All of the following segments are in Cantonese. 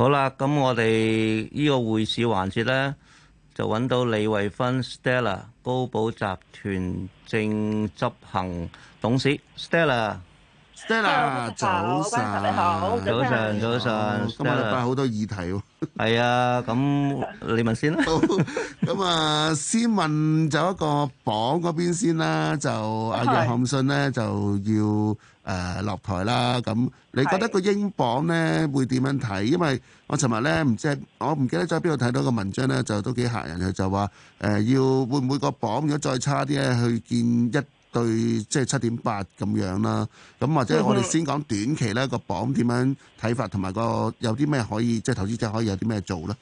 好啦，咁我哋呢個匯市環節咧，就揾到李慧芬 Stella，高寶集團正執行董事 Stella，Stella 早晨，早晨，早晨，早晨，今日都帶好多議題喎。係啊，咁你問先啦。咁啊，先問就一個榜嗰邊先啦，就阿約翰遜咧就要。誒落台啦，咁你覺得個英鎊咧是會點樣睇？因為我尋日咧唔知我唔記得咗邊度睇到個文章咧，就都幾嚇人嘅，就話誒、呃、要會唔會個鎊如果再差啲咧，去見一對即係七點八咁樣啦。咁或者我哋先講短期咧，個鎊點樣睇法，同埋個有啲咩可以即係、就是、投資者可以有啲咩做咧？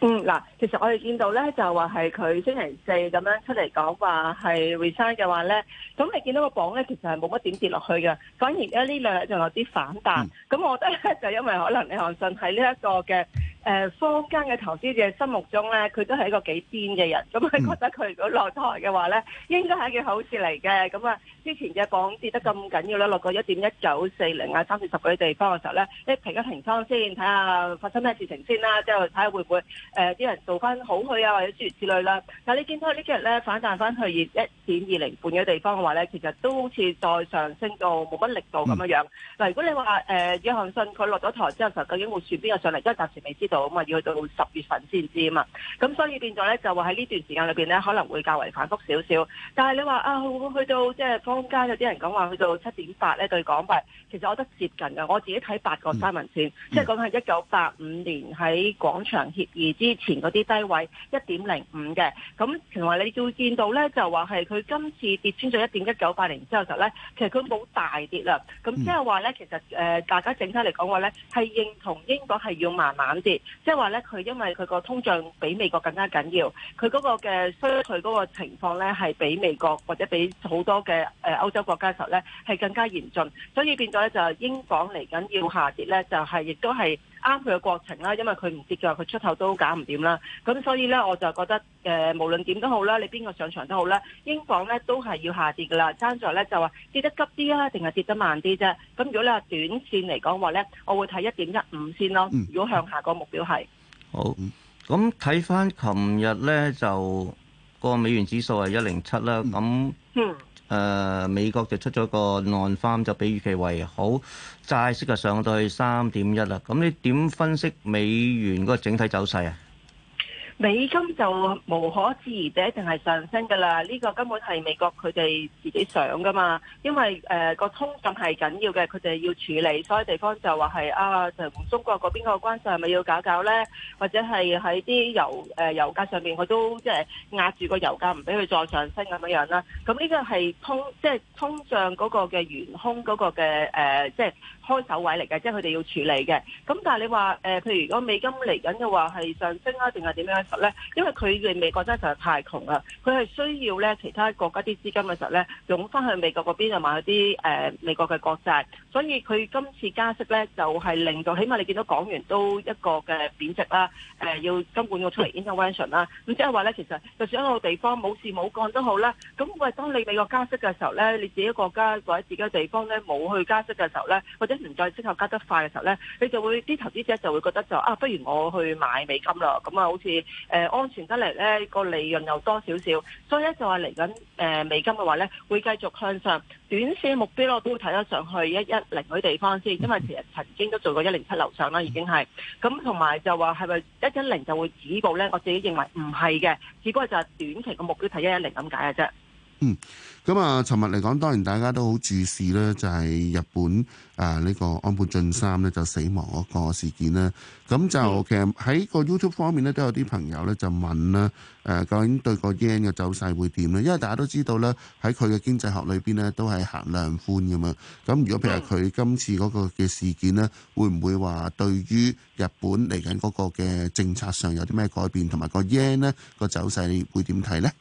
嗯，嗱，其實我哋見到咧，就話係佢星期四咁樣出嚟講話係 resign 嘅話咧，咁你見到個榜咧，其實係冇乜點跌落去嘅，反而咧呢兩日仲有啲反彈，咁、嗯、我覺得咧就因為可能李航信喺呢一個嘅。誒、呃、坊間嘅投資者心目中咧，佢都係一個幾癲嘅人。咁佢、嗯、覺得佢如果落台嘅話咧，應該係一件好事嚟嘅。咁、嗯、啊，之前嘅鎊跌得咁緊要啦，落過一點一九四零啊，三四十嘅地方嘅時候咧，你平一平倉先，睇下發生咩事情先啦，之後睇下會唔會誒啲、呃、人做翻好去啊，或者諸如此類啦。但係你見到幾呢幾日咧反彈翻去一點二零半嘅地方嘅話咧，其實都好似再上升到冇乜力度咁樣樣。嗱、嗯呃，如果你話誒約翰遜佢落咗台之後嘅時候，究竟會轉邊個上嚟，都暫時未知。到咁啊，要去到十月份先知啊嘛，咁所以變咗咧就話喺呢段時間裏邊咧，可能會較為反覆少少，但係你話啊、哦，去到即係坊間有啲人講話去到七點八咧對港幣，其實我覺得接近㗎，我自己睇八個三文錢，即係講係一九八五年喺廣場協議之前嗰啲低位一點零五嘅，咁同埋你會見到咧就話係佢今次跌穿咗一點一九八零之後就咧，其實佢冇大跌啦，咁即係話咧其實誒、呃、大家整體嚟講話咧係認同英國係要慢慢跌。即係話咧，佢因為佢個通脹比美國更加緊要，佢嗰個嘅衰退嗰個情況咧，係比美國或者比好多嘅誒歐洲國家嘅時候咧，係更加嚴峻，所以變咗咧就英鎊嚟緊要下跌咧，就係亦都係。啱佢嘅過程啦，因為佢唔跌嘅佢出口都搞唔掂啦。咁所以呢，我就覺得誒、呃，無論點都好啦，你邊個上場都好啦，英鎊呢都係要下跌嘅啦。爭在呢，就話跌得急啲啊，定係跌得慢啲啫。咁如果你話短線嚟講話呢，我會睇一點一五先咯。嗯、如果向下個目標係好咁，睇翻琴日呢，就個美元指數係一零七啦。咁嗯。那嗯誒、呃、美國就出咗個 non-farm, 就比預期為好，債息就上到去三點一啦。咁你點分析美元嘅整體走勢啊？美金就無可置疑地一定係上升㗎喇，呢、這個根本係美國佢哋自己想㗎嘛，因為誒、呃那個通脹係緊要嘅，佢哋要處理，所以地方就話係啊就同中國嗰邊個關係係咪要搞搞呢？或者係喺啲油誒、呃、油價上面，佢都即係壓住個油價唔畀佢再上升咁樣樣啦。咁、嗯、呢、這個係通即係、就是、通脹嗰個嘅圓空嗰個嘅誒即係。呃就是開手位嚟嘅，即係佢哋要處理嘅。咁但係你話誒，譬、呃、如，如果美金嚟緊嘅話係上升啦、啊，定係點樣嘅實咧？因為佢哋美國真係實在太窮啊，佢係需要咧其他國家啲資金嘅時候咧，用翻去美國嗰邊就買啲誒、呃、美國嘅國債。所以佢今次加息咧，就係、是、令到起碼你見到港元都一個嘅貶值啦、啊。誒、呃，要根本要出嚟 intervention 啦、啊。咁即係話咧，其實就算一個地方冇事冇幹都好啦，咁我係當你美國加息嘅時候咧，你自己國家或者自己嘅地方咧冇去加息嘅時候咧，或者唔再息口加得快嘅時候咧，你就會啲投資者就會覺得就啊，不如我去買美金啦，咁啊好似誒安全得嚟咧，個利潤又多少少，所以咧就話嚟緊誒美金嘅話咧，會繼續向上，短線目標我都會睇得上去一一零嗰啲地方先，因為其實曾經都做過一零七樓上啦，已經係咁，同埋就話係咪一一零就會止步咧？我自己認為唔係嘅，只不過就係短期嘅目標睇一一零咁解嘅啫。嗯，咁、嗯、啊，尋日嚟講，當然大家都好注視咧，就係、是、日本啊呢、呃這個安倍晉三咧就死亡嗰個事件啦。咁、嗯、就其實喺個 YouTube 方面咧都有啲朋友咧就問啦，誒、呃、究竟對個 yen 嘅走勢會點咧？因為大家都知道咧，喺佢嘅經濟學裏邊咧都係行量寬嘅嘛。咁如果譬如佢今次嗰個嘅事件咧，會唔會話對於日本嚟緊嗰個嘅政策上有啲咩改變，同埋個 yen 咧個走勢會點睇咧？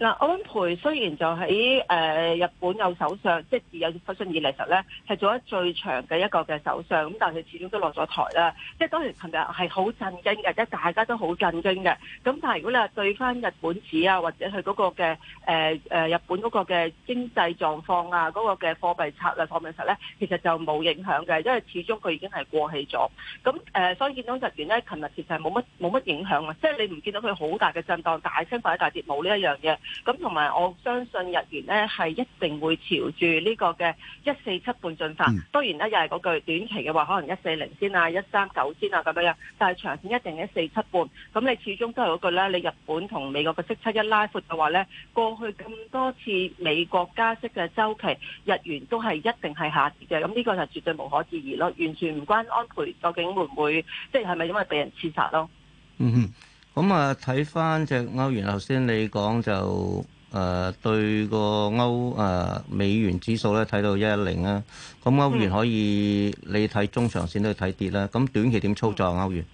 嗱，安倍雖然就喺誒日本有首相，即係自有發生以來實咧，係做得最長嘅一個嘅首相，咁但係始終都落咗台啦。即係當然琴日係好震驚嘅，即係大家都好震驚嘅。咁但係如果你話對翻日本市啊，或者佢嗰個嘅誒誒日本嗰個嘅經濟狀況啊，嗰、那個嘅貨幣策略貨幣實咧，其實就冇影響嘅，因為始終佢已經係過氣咗。咁誒、呃，所以到見到日元咧，琴日其實係冇乜冇乜影響啊，即係你唔見到佢好大嘅震盪，大升或者大跌冇呢一樣嘢。咁同埋我相信日元咧係一定會朝住呢個嘅一四七半進發。當然咧又係嗰句短期嘅話，可能一四零先啊，一三九先啊咁樣樣。但係長線一定一四七半。咁你始終都係嗰句咧，你日本同美國嘅息七差一拉闊嘅話咧，過去咁多次美國加息嘅週期，日元都係一定係下跌嘅。咁呢個就絕對無可置疑咯，完全唔關安倍究竟會唔會即係係咪因為畀人刺殺咯？嗯哼。咁啊，睇返隻歐元，頭先你講就誒、呃、對個歐誒、呃、美元指數咧，睇到一一零啦。咁歐元可以，你睇中長線都要睇跌啦。咁、啊、短期點操作、嗯、歐元？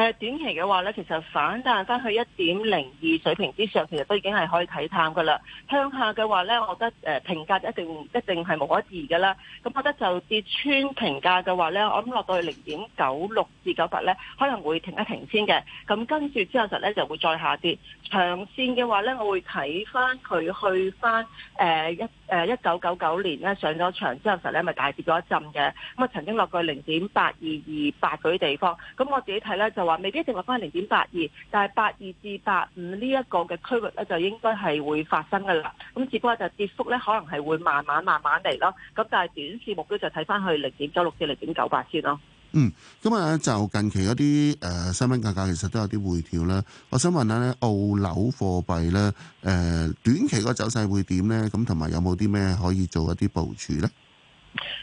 誒短期嘅話咧，其實反彈翻去一點零二水平之上，其實都已經係可以睇淡噶啦。向下嘅話咧，我覺得誒、呃、評價一定一定係無可置疑噶啦。咁覺得就跌穿評價嘅話咧，我諗落到去零點九六至九八咧，可能會停一停先嘅。咁跟住之後就咧就會再下跌。長線嘅話咧，我會睇翻佢去翻誒一。呃誒一九九九年咧上咗場之後呢，實咧咪大跌咗一陣嘅，咁啊曾經落過零點八二二八嗰啲地方，咁我自己睇咧就話未必一定落翻零點八二，但係八二至八五呢一個嘅區域咧就應該係會發生㗎啦，咁只不過就跌幅咧可能係會慢慢慢慢嚟咯，咁但係短線目標就睇翻去零點九六至零點九八先咯。嗯，咁啊就近期嗰啲誒新聞價格其實都有啲回調啦，我想問下咧澳紐貨幣咧誒短期個走勢會點咧？咁同埋有冇啲咩可以做一啲部署咧？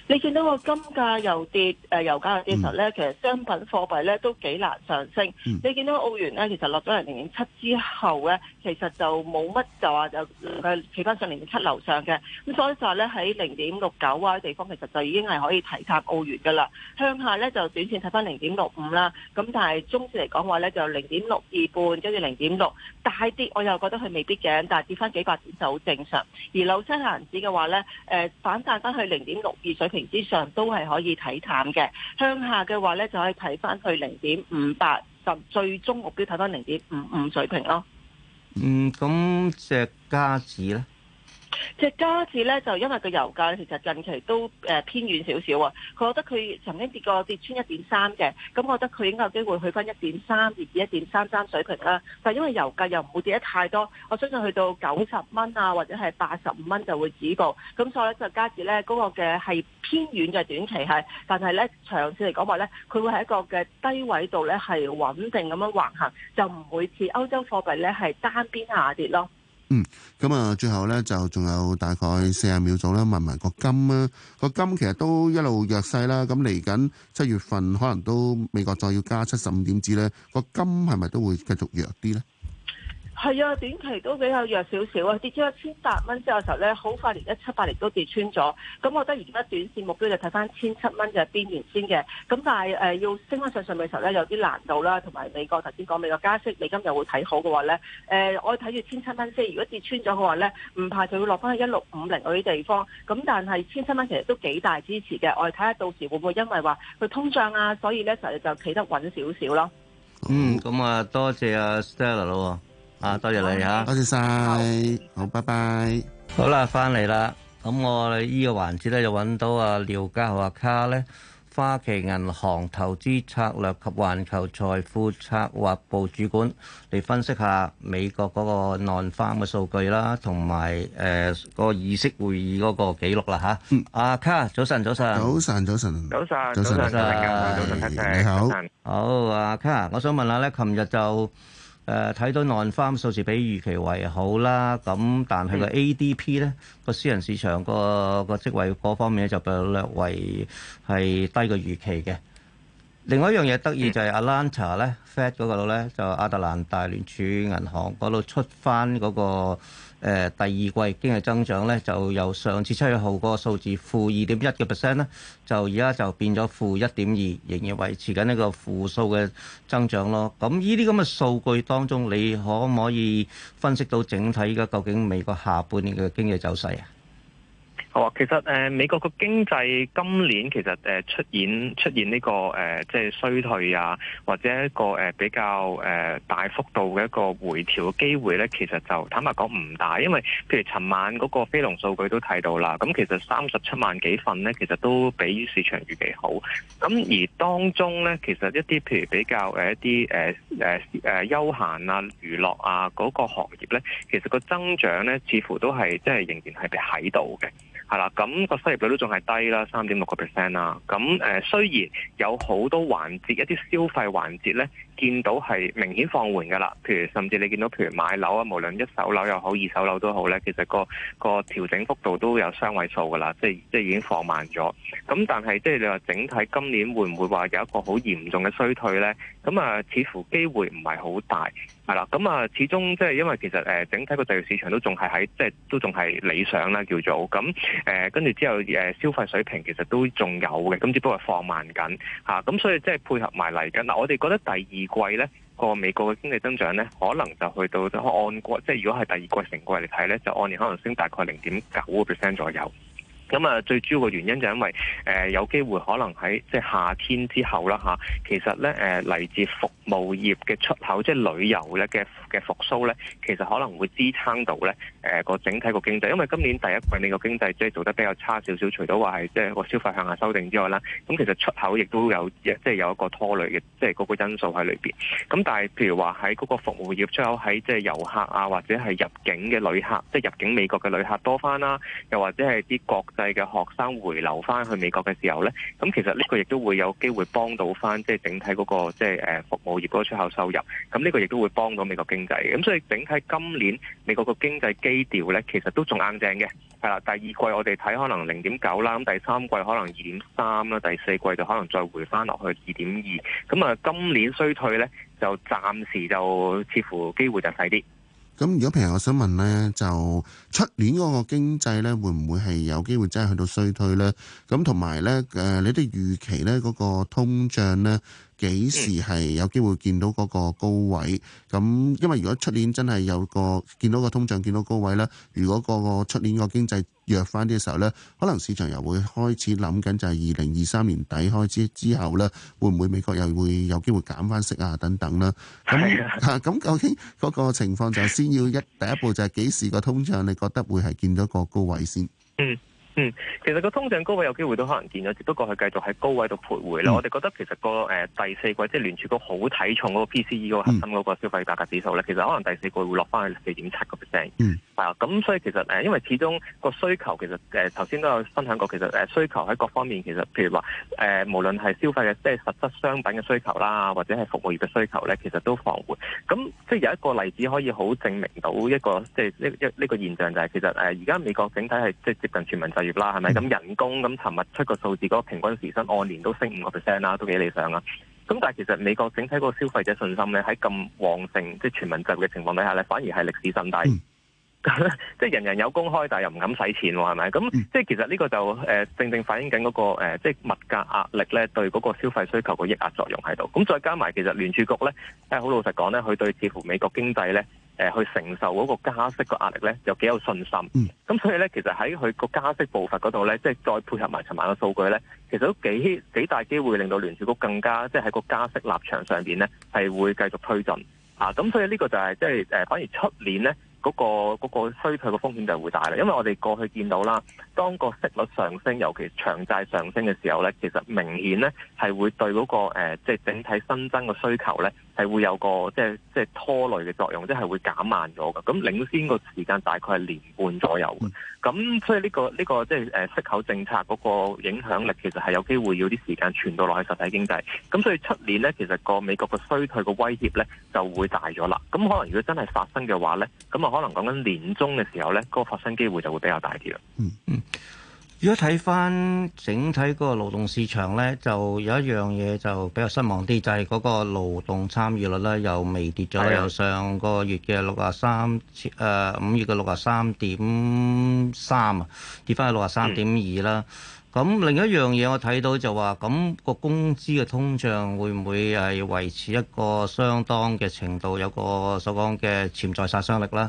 你見到個金價又跌，誒、呃、油價又跌嘅咧，其實商品貨幣咧都幾難上升。嗯、你見到澳元咧，其實落咗嚟零點七之後咧，其實就冇乜就話就企翻上零點七樓上嘅。咁所以就咧喺零點六九啊啲地方，其實就已經係可以睇淡澳元噶啦。向下咧就短線睇翻零點六五啦，咁但係中線嚟講話咧就零點六二半，跟住零點六大啲，我又覺得佢未必嘅，但係跌翻幾百點就好正常。而紐西蘭紙嘅話咧，誒、呃、反彈翻去零點六。二水平之上都係可以睇淡嘅，向下嘅話咧就可以睇翻去零點五八，就最終目標睇翻零點五五水平咯。嗯，咁隻加紙咧？即加字咧，就因為個油價其實近期都誒偏遠少少啊。佢覺得佢曾經跌過跌穿一點三嘅，咁覺得佢應該有機會去返一點三跌至一點三三水平啦，啊。但係因為油價又唔會跌得太多，我相信去到九十蚊啊，或者係八十五蚊就會止步。咁所以咧，就加字咧嗰個嘅係偏遠嘅短期係，但係咧長線嚟講話咧，佢會喺一個嘅低位度咧係穩定咁樣橫行，就唔會似歐洲貨幣咧係單邊下跌咯。嗯，咁啊，最後呢就仲有大概四十秒左啦，問埋個金啦。個金其實都一路弱勢啦。咁嚟緊七月份可能都美國再要加七十五點子呢，個金係咪都會繼續弱啲呢？係啊，短期都比較弱少少啊，跌咗一千八蚊之後嘅時候咧，好快連一七八零都跌穿咗。咁我覺得而家短線目標就睇翻千七蚊嘅邊緣先嘅。咁但係誒、呃，要升翻上上位嘅時候咧，有啲難度啦。同埋美國頭先講美國加息，美金又會睇好嘅話咧，誒、呃，我哋睇住千七蚊先。如果跌穿咗嘅話咧，唔排除會落翻去一六五零嗰啲地方。咁但係千七蚊其實都幾大支持嘅，我哋睇下到時會唔會因為話佢通脹啊，所以咧就就企得穩少少咯。嗯，咁啊，多謝阿 Stella 咯。啊，多謝你吓，多謝晒。好，拜拜。好啦，翻嚟啦，咁我哋呢個環節咧就揾到阿廖嘉豪阿卡咧，花旗銀行投資策略及環球財富策劃部主管嚟分析下美國嗰個 non-farm 嘅數據啦，同埋誒個議息會議嗰個記錄啦吓。阿卡早晨，早晨，早晨，早晨，早晨，早晨，早晨，早晨，早早早晨。晨。晨。你好。好，阿卡，我想問下咧，琴日就。誒睇到 non-farm 數字比預期為好啦，咁但係個 ADP 咧個私人市場、那個個職位嗰方面咧就略為係低過預期嘅。另外一樣嘢得意就係 Atlanta 咧、嗯、Fed 嗰度咧就亞、是、特蘭大聯儲銀行嗰度出翻嗰、那個。誒第二季經濟增長咧，就由上次七月號個數字負二點一嘅 percent 咧，就而家就變咗負一點二，仍然維持緊呢個負數嘅增長咯。咁呢啲咁嘅數據當中，你可唔可以分析到整體依家究竟美國下半年嘅經濟走勢啊？好啊，其實誒美國個經濟今年其實誒出現出現呢個誒即係衰退啊，或者一個誒比較誒大幅度嘅一個回調嘅機會咧，其實就坦白講唔大，因為譬如尋晚嗰個非農數據都睇到啦，咁其實三十七萬幾份咧，其實都比市場預期好。咁而當中咧，其實一啲譬如比較誒一啲誒誒誒休閒啊、娛樂啊嗰個行業咧，其實個增長咧，似乎都係即係仍然係喺度嘅。係啦，咁、嗯個失業率都仲係低啦，三點六個 percent 啦。咁誒、呃，雖然有好多環節，一啲消費環節咧。見到係明顯放緩㗎啦，譬如甚至你見到譬如買樓啊，無論一手樓又好、二手樓都好咧，其實個個調整幅度都有雙位數㗎啦，即係即係已經放慢咗。咁但係即係你話整體今年會唔會話有一個好嚴重嘅衰退咧？咁啊，似乎機會唔係好大，係啦。咁啊，始終即係因為其實誒整體個就業市場都仲係喺即係都仲係理想啦叫做。咁誒跟住之後誒消費水平其實都仲有嘅，咁只不過係放慢緊吓。咁所以即係配合埋嚟緊嗱，我哋覺得第二季咧，個美國嘅經濟增長咧，可能就去到就按國即係如果係第二季、成季嚟睇咧，就按年可能升大概零點九個 percent 左右。 咁啊，最主要嘅原因就因為誒有機會可能喺即係夏天之後啦吓，其實咧誒嚟自服務業嘅出口，即係旅遊咧嘅嘅復甦咧，其實可能會支撐到咧誒個整體個經濟，因為今年第一季你個經濟即係做得比較差少少，除咗話係即係個消費向下修訂之外啦，咁其實出口亦都有即係有一個拖累嘅，即係嗰個因素喺裏邊。咁但係譬如話喺嗰個服務業出口，喺即係遊客啊，或者係入境嘅旅客，即係入境美國嘅旅客多翻啦，又或者係啲國。嘅學生回流翻去美國嘅時候呢，咁其實呢個亦都會有機會幫到翻，即係整體嗰個即係服務業嗰個出口收入。咁呢個亦都會幫到美國經濟。咁所以整體今年美國個經濟基調呢，其實都仲硬正嘅。係啦，第二季我哋睇可能零點九啦，咁第三季可能二點三啦，第四季就可能再回翻落去二點二。咁啊，今年衰退呢，就暫時就似乎機會就細啲。咁如果平日我想問呢，就出年嗰個經濟呢，會唔會係有機會真係去到衰退呢？咁同埋呢，誒，你哋預期呢嗰個通脹呢，幾時係有機會見到嗰個高位？咁因為如果出年真係有個見到個通脹，見到高位呢，如果嗰個出年個經濟弱翻啲嘅時候呢，可能市場又會開始諗緊，就係二零二三年底開始之後呢，會唔會美國又會有機會減翻息啊？等等啦，咁 究竟嗰個情況就先要一第一步就係幾時個通脹，你覺得會係見到個高位先？ 嗯。嗯，其實個通脹高位有機會都可能見咗，只不過佢繼續喺高位度徘徊啦。嗯、我哋覺得其實個誒第四季即係聯儲局好睇重嗰個 PCE 嗰個核心嗰個消費價格指數咧，其實可能第四季會,會落翻去四點七個 percent。嗯。啊，咁所以其實誒，因為始終個需求其實誒頭先都有分享過，其實誒需求喺各方面其實譬如話誒，無論係消費嘅即係實質商品嘅需求啦，或者係服務業嘅需求咧，其實都放緩。咁即係有一個例子可以好證明到一個即係一一呢個現象、就是，就係其實誒而家美國整體係即係接近全民就業。啦，係咪咁人工咁？尋日出個數字，嗰、嗰個平均時薪按年都升五個 percent 啦，都幾理想啊！咁但係其實美國整體嗰個消費者信心咧，喺咁旺盛即全民就嘅情況底下咧，反而係歷史新低。嗯、 即係人人有工開，但係又唔敢使錢喎，係咪？咁即係其實呢個就誒正正反映緊嗰個誒即係物價壓力咧，對嗰個消費需求個抑壓作用喺度。咁再加埋其實聯儲局咧，誒好老實講咧，佢對似乎美國經濟咧。誒、呃、去承受嗰個加息個壓力咧，又幾有信心。咁、嗯、所以咧，其實喺佢個加息步伐嗰度咧，即係再配合埋尋晚嘅數據咧，其實都幾幾大機會令到聯儲局更加即係喺個加息立場上邊咧，係會繼續推進。啊，咁所以呢個就係、是、即係誒、呃，反而出年咧嗰、那個衰退嘅風險就係會大啦。因為我哋過去見到啦，當個息率上升，尤其長債上升嘅時候咧，其實明顯咧係會對嗰、那個、呃、即係整體新增嘅需求咧。係會有個即係即係拖累嘅作用，即係會減慢咗嘅。咁領先個時間大概係年半左右嘅。咁所以呢個呢個即係誒息口政策嗰個影響力其實係有機會要啲時間傳到落去實體經濟。咁所以出年呢，其實個美國嘅衰退個威脅呢就會大咗啦。咁可能如果真係發生嘅話呢，咁啊可能講緊年中嘅時候呢，嗰個發生機會就會比較大啲啦、嗯。嗯嗯。如果睇翻整體嗰個勞動市場呢，就有一樣嘢就比較失望啲，就係嗰個勞動參與率呢，又微跌咗，由上個月嘅六啊三，誒五月嘅六啊三點三啊，跌翻去六啊三點二啦。咁另一樣嘢我睇到就話，咁個工資嘅通脹會唔會係維持一個相當嘅程度，有個所講嘅潛在殺傷力啦？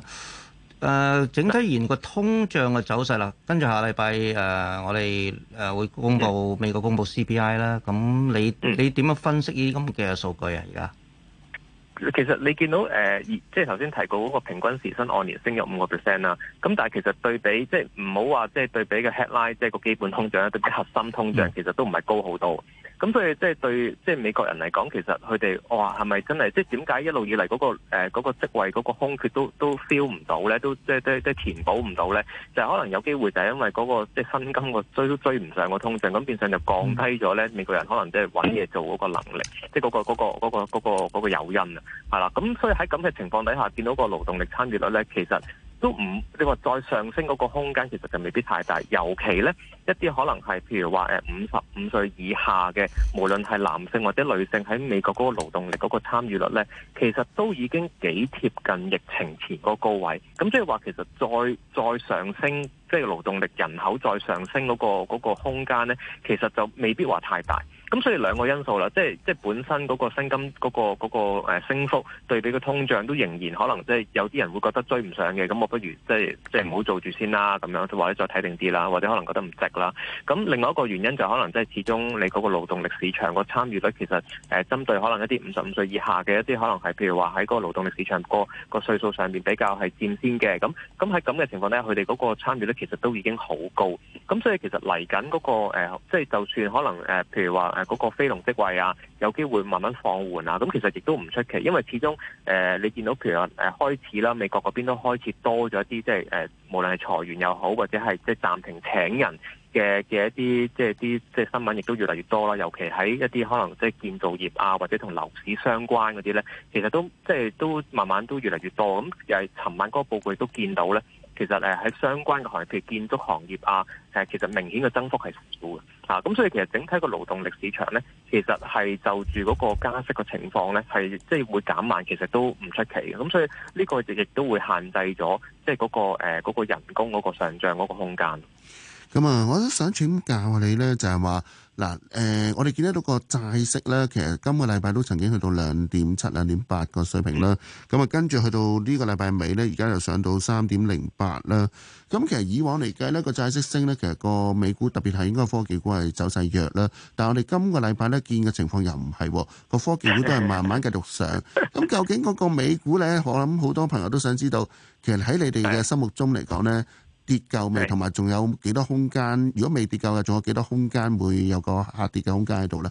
誒、uh, 整體而言個通脹嘅走勢啦，跟住下禮拜誒，uh, 我哋誒會公布美國公布 CPI 啦、嗯。咁你你點樣分析呢啲咁嘅數據啊？而家其實你見到誒，即係頭先提過嗰個平均時薪按年升咗五個 percent 啦。咁但係其實對比，即係唔好話即係對比嘅 headline，即係個基本通脹，對比核心通脹其實都唔係高好多。嗯。咁所以即係對即係美國人嚟講，其實佢哋話係咪真係即係點解一路以嚟嗰、那個誒、呃那個職位嗰、那個空缺都都 feel 唔到咧，都，呢都即係即係即係填補唔到咧？就是、可能有機會就係因為嗰、那個即係薪金個追都追唔上個通脹，咁變相就降低咗咧、嗯、美國人可能即係搵嘢做嗰個能力，即係、那、嗰個嗰、那個、那個、那個、那個誘、那個、因啊，係啦。咁所以喺咁嘅情況底下，見到個勞動力參與率咧，其實。都唔，你話再上升嗰個空間其實就未必太大，尤其呢，一啲可能係，譬如話誒五十五歲以下嘅，無論係男性或者女性喺美國嗰個勞動力嗰個參與率呢，其實都已經幾貼近疫情前嗰個高位。咁即係話，其實再再上升，即係勞動力人口再上升嗰個嗰個空間呢，其實就未必話太大。咁所以兩個因素啦，即係即係本身嗰個薪金嗰、個嗰、那個誒升幅對比個通脹都仍然可能即係有啲人會覺得追唔上嘅，咁我不如即係即係唔好做住先啦，咁樣或者再睇定啲啦，或者可能覺得唔值啦。咁另外一個原因就可能即係始終你嗰個勞動力市場個參與率其實誒針、呃、對可能一啲五十五歲以下嘅一啲可能係譬如話喺嗰個勞動力市場、個個歲數上邊比較係占先嘅，咁咁喺咁嘅情況咧，佢哋嗰個參與率其實都已經好高。咁所以其實嚟緊嗰個誒、呃，即係就算可能誒、呃、譬如話。嗰個非農職位啊，有機會慢慢放緩啊。咁其實亦都唔出奇，因為始終誒、呃、你見到譬如誒、呃、開始啦，美國嗰邊都開始多咗啲，即係誒、呃、無論係裁員又好，或者係即係暫停請人嘅嘅一啲，即係啲即係新聞，亦都越嚟越多啦。尤其喺一啲可能即係建造業啊，或者同樓市相關嗰啲咧，其實都即係都慢慢都越嚟越多。咁又係尋晚嗰個報告都見到咧。其實誒喺相關嘅行業，譬如建築行業啊，誒其實明顯嘅增幅係少嘅啊，咁所以其實整體個勞動力市場咧，其實係就住嗰個加息嘅情況咧，係即係會減慢，其實都唔出奇嘅。咁、啊、所以呢個亦亦都會限制咗即係嗰、嗰個誒嗰、呃嗰個人工嗰個上漲嗰個空間。咁啊，我都想請教下你呢，就係話嗱，誒，我哋見得到個債息呢，其實今個禮拜都曾經去到兩點七、兩點八個水平啦。咁啊，跟住去到呢個禮拜尾呢，而家又上到三點零八啦。咁其實以往嚟計呢，個債息升呢，其實個美股特別係應該科技股係走勢弱啦。但係我哋今個禮拜呢見嘅情況又唔係喎，個科技股都係慢慢繼續上。咁究竟嗰個美股呢，我諗好多朋友都想知道，其實喺你哋嘅心目中嚟講呢。跌夠未？同埋仲有幾多空間？如果未跌夠嘅，仲有幾多空間會有個下跌嘅空間喺度咧？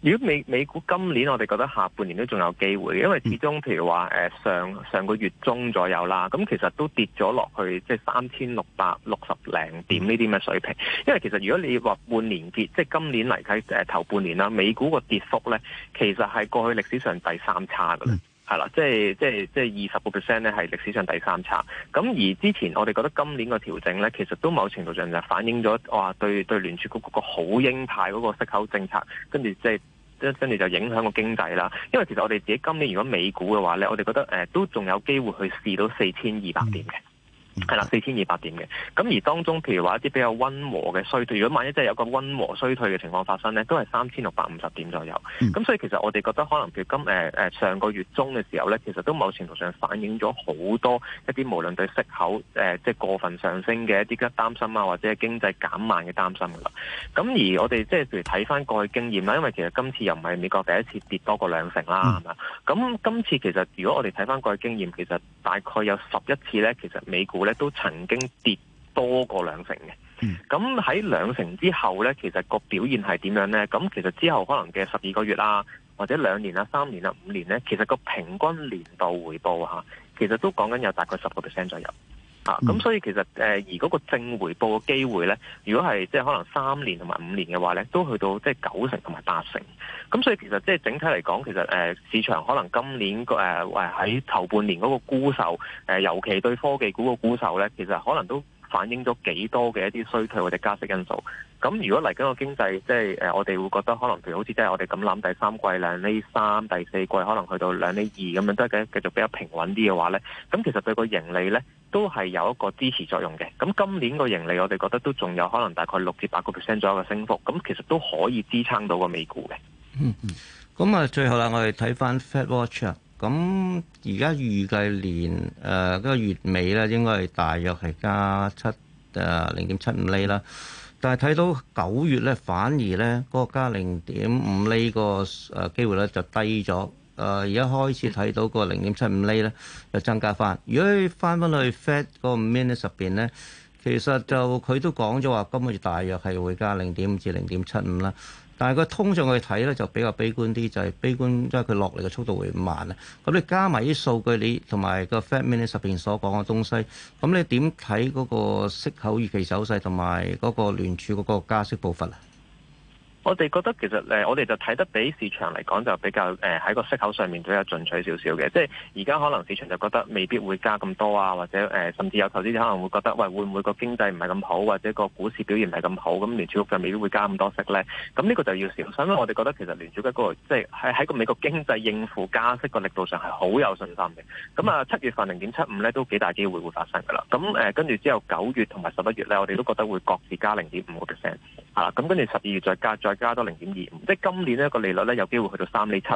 如果美美股今年我哋覺得下半年都仲有機會，因為始終譬如話誒上、嗯、上，上個月中左右啦，咁其實都跌咗落去即係三千六百六十零點呢啲咁嘅水平。嗯、因為其實如果你話半年跌，即係今年嚟睇，誒頭半年啦，美股個跌幅咧，其實係過去歷史上第三差㗎啦。嗯係啦，即係即係即係二十個 percent 咧，係歷史上第三差。咁而之前我哋覺得今年個調整咧，其實都某程度上就反映咗哇，對對聯儲局嗰個好鷹派嗰個息口政策，跟住即係跟跟住就影響個經濟啦。因為其實我哋自己今年如果美股嘅話咧，我哋覺得誒都仲有機會去試到四千二百點嘅。係啦，四千二百點嘅。咁而當中，譬如話一啲比較溫和嘅衰退，如果萬一真係有一個溫和衰退嘅情況發生咧，都係三千六百五十點左右。咁、嗯、所以其實我哋覺得可能佢今誒誒、呃呃、上個月中嘅時候咧，其實都某程度上反映咗好多一啲無論對息口誒、呃、即係過分上升嘅一啲嘅擔心啊，或者經濟減慢嘅擔心㗎啦。咁而我哋即係譬如睇翻過去經驗啦，因為其實今次又唔係美國第一次跌多過兩成啦，係嘛、嗯？咁的今次其實如果我哋睇翻過去經驗，其實大概有十一次咧，其實美股。咧都曾經跌多過兩成嘅，咁喺兩成之後咧，其實個表現係點樣咧？咁其實之後可能嘅十二個月啊，或者兩年啊、三年啊、五年咧，其實個平均年度回報嚇，其實都講緊有大概十個 percent 左右。咁、嗯啊、所以其實誒、呃，而嗰個正回報嘅機會咧，如果係即係可能三年同埋五年嘅話咧，都去到即係九成同埋八成。咁所以其實即係整體嚟講，其實誒、呃、市場可能今年誒喂喺頭半年嗰個沽售，誒、呃、尤其對科技股個沽售咧，其實可能都，反映咗幾多嘅一啲衰退或者加息因素？咁如果嚟緊個經濟，即係誒、呃，我哋會覺得可能譬，譬如好似即係我哋咁諗，第三季兩釐三，第四季可能去到兩釐二咁樣，都係繼繼續比較平穩啲嘅話咧，咁其實對個盈利咧都係有一個支持作用嘅。咁今年個盈利我哋覺得都仲有可能大概六至八個 percent 左右嘅升幅，咁其實都可以支撐到個美股嘅、嗯。嗯，咁啊，最後啦，我哋睇翻 Fed Watch。咁而家預計年誒嗰、呃那個月尾咧，應該係大約係加七誒零點七五厘啦。但係睇到九月咧，反而咧嗰個加零點五厘個誒機會咧就低咗。誒而家開始睇到個零點七五厘咧就增加翻。如果翻翻去 Fed 嗰個 minutes 入面咧，其實就佢都講咗話，今個月大約係會加零點五至零點七五啦。但係個通脹去睇咧就比較悲觀啲，就係、是、悲觀，因為佢落嚟嘅速度會慢啊。咁你加埋啲數據，你同埋個 Fed Minute 入便所講嘅東西，咁你點睇嗰個息口預期走勢同埋嗰個聯儲嗰個加息步伐啊？我哋覺得其實誒，我哋就睇得比市場嚟講就比較誒喺個息口上面都有進取少少嘅。即係而家可能市場就覺得未必會加咁多啊，或者誒甚至有投資者可能會覺得，喂，會唔會個經濟唔係咁好，或者個股市表現唔係咁好，咁聯儲局就未必會加咁多息咧。咁呢個就要小心啦。我哋覺得其實聯儲局嗰個即係喺喺個美國經濟應付加息個力度上係好有信心嘅。咁啊，七月份零點七五咧都幾大機會會發生㗎啦。咁誒跟住之後九月同埋十一月咧，我哋都覺得會各自加零點五個 percent 嚇。咁跟住十二月再加再加。再加加多零點二五，即係今年呢個利率呢，有機會去到三厘七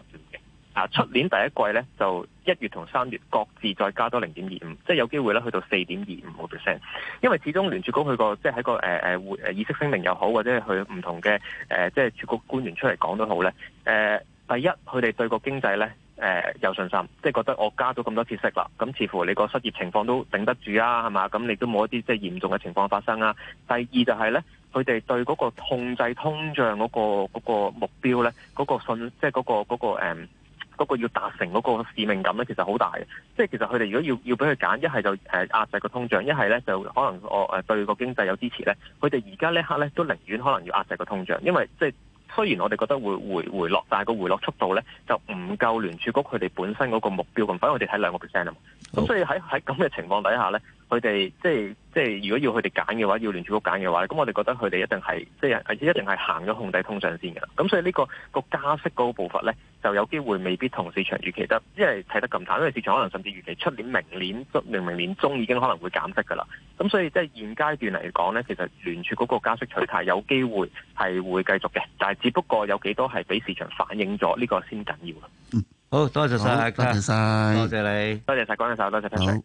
啊，出年第一季呢，就一月同三月各自再加多零點二五，即係有機會呢去到四點二五個 percent。因為始終聯儲局去即個即係喺個誒誒議息聲明又好，或者係佢唔同嘅誒即係局官員出嚟講都好呢。誒、呃，第一佢哋對個經濟呢誒、呃、有信心，即係覺得我加咗咁多貼息啦，咁似乎你個失業情況都頂得住啊，係嘛？咁你都冇一啲即係嚴重嘅情況發生啊。第二就係呢。佢哋對嗰個控制通脹嗰個嗰個目標咧，嗰個信即係嗰個嗰個嗯嗰個要達成嗰個使命感咧，其實好大嘅。即係其實佢哋如果要要俾佢揀，一係就誒、呃、壓制個通脹，一係咧就可能我誒、呃、對個經濟有支持咧。佢哋而家呢刻咧都寧願可能要壓制個通脹，因為即係雖然我哋覺得會回回落曬，但係個回落速度咧就唔夠聯儲局佢哋本身嗰個目標咁，反正我哋睇兩個 percent 啊嘛。咁好所以喺喺咁嘅情況底下咧。佢哋即係即係，如果要佢哋揀嘅話，要聯儲局揀嘅話，咁我哋覺得佢哋一定係即係，一定係行咗控底通脹先嘅。咁所以呢、個、個加息個步伐咧，就有機會未必同市場預期得，因為睇得咁淡，因為市場可能甚至預期出年、明年、明年明年中已經可能會減息噶啦。咁所以即係現階段嚟講咧，其實聯儲嗰個加息取態有機會係會繼續嘅，但係只不過有幾多係俾市場反映咗呢、個先緊要。嗯、好多謝曬，多謝曬，多謝你，多謝曬觀眾朋友，多謝，謝。謝謝。